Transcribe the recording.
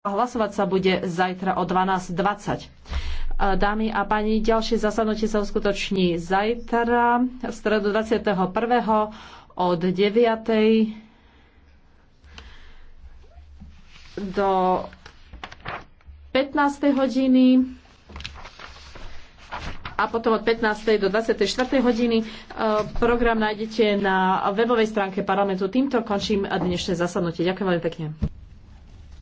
Hlasovať sa bude zajtra o 12.20. Dámy a páni, ďalšie zasadnutie sa uskutoční zajtra, v stredu 21. od 9. do 15. hodiny a potom od 15. do 24. hodiny. E, program nájdete na webovej stránke parlamentu. Týmto končím dnešné zasadnutie. Ďakujem veľmi pekne.